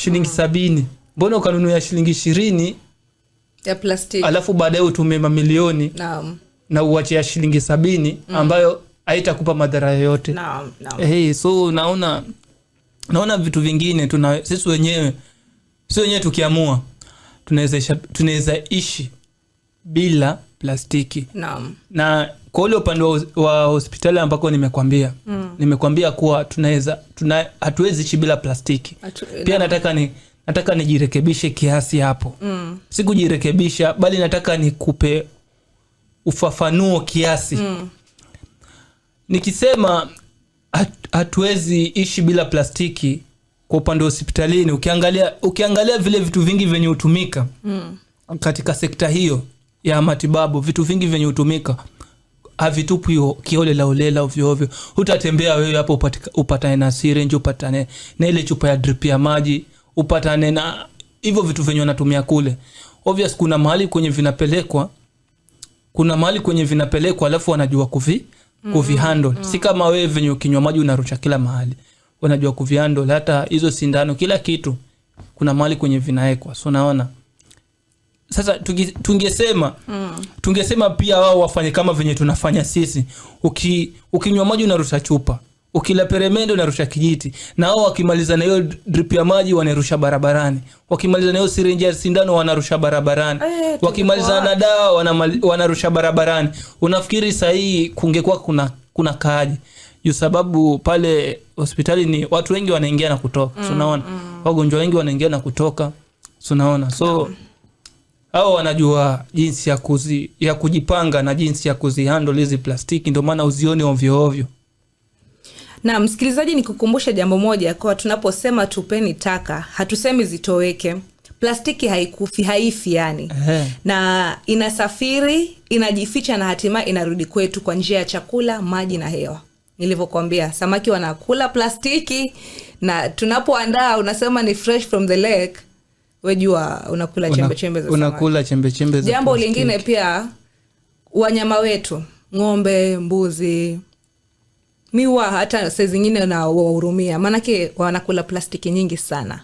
shilingi mm. sabini, mbona ukanunua shilingi ishirini alafu baadaye utumie mamilioni naam, na uwache ya shilingi sabini mm. ambayo haitakupa madhara yoyote. Eh, hey, so naona naona vitu vingine tuna sisi wenyewe si wenyewe tukiamua tunaweza ishi bila plastiki Naam. na kwa ule upande wa, hospitali ambako nimekwambia mm. nimekwambia kuwa tunaweza tuna, hatuwezi ishi bila plastiki Atu, pia na. nataka ni nataka nijirekebishe kiasi hapo mm. sikujirekebisha bali nataka nikupe ufafanuo kiasi mm. nikisema hatuwezi ishi bila plastiki kwa upande wa hospitalini ukiangalia ukiangalia vile vitu vingi vyenye hutumika mm. katika sekta hiyo ya matibabu, vitu vingi vyenye hutumika havitupwi kiolela olela ovyo Utatembea wewe hapo upatane na sirenji upatane na ile chupa ya drip ya maji, upatane na hivyo vitu venye wanatumia kule. Obvious kuna mahali kwenye vinapelekwa, kuna mahali kwenye vinapelekwa, alafu wanajua kuvi kuvihandle. Mm, mm. Si kama wewe venye ukinywa maji unarusha kila mahali, wanajua kuvihandle. Hata hizo sindano, kila kitu, kuna mahali kwenye vinawekwa, so naona sasa tungesema mm. tungesema pia wao wafanye kama venye tunafanya sisi. Uki, ukinywa maji unarusha chupa, ukila peremende unarusha kijiti, na wao wakimaliza na hiyo drip ya maji wanarusha barabarani, wakimaliza na hiyo sirinji ya sindano wanarusha barabarani, eh, Ay, wakimaliza na dawa wanarusha barabarani. Unafikiri sahihi kungekuwa kuna, kuna kaaje? Juu sababu pale hospitali ni watu wengi wanaingia na kutoka, mm, so naona mm. wagonjwa wengi wanaingia na kutoka, so naona so mm au wanajua jinsi ya, kuzi, ya kujipanga na jinsi ya kuzihandle hizi plastiki, ndio maana uzione ovyoovyo Na msikilizaji, nikukumbushe jambo moja, kwa tunaposema tupeni taka, hatusemi zitoweke. Plastiki haikufi, haifi yani Ehe. na inasafiri, inajificha na hatimaye inarudi kwetu kwa njia ya chakula, maji na hewa. nilivyokwambia samaki wanakula plastiki, na tunapoandaa unasema ni fresh from the lake wejua unakula chembechembe Unakula chembechembe chembe jambo Lingine pia wanyama wetu ng'ombe, mbuzi miwa hata se zingine nawahurumia, maanake wanakula plastiki nyingi sana.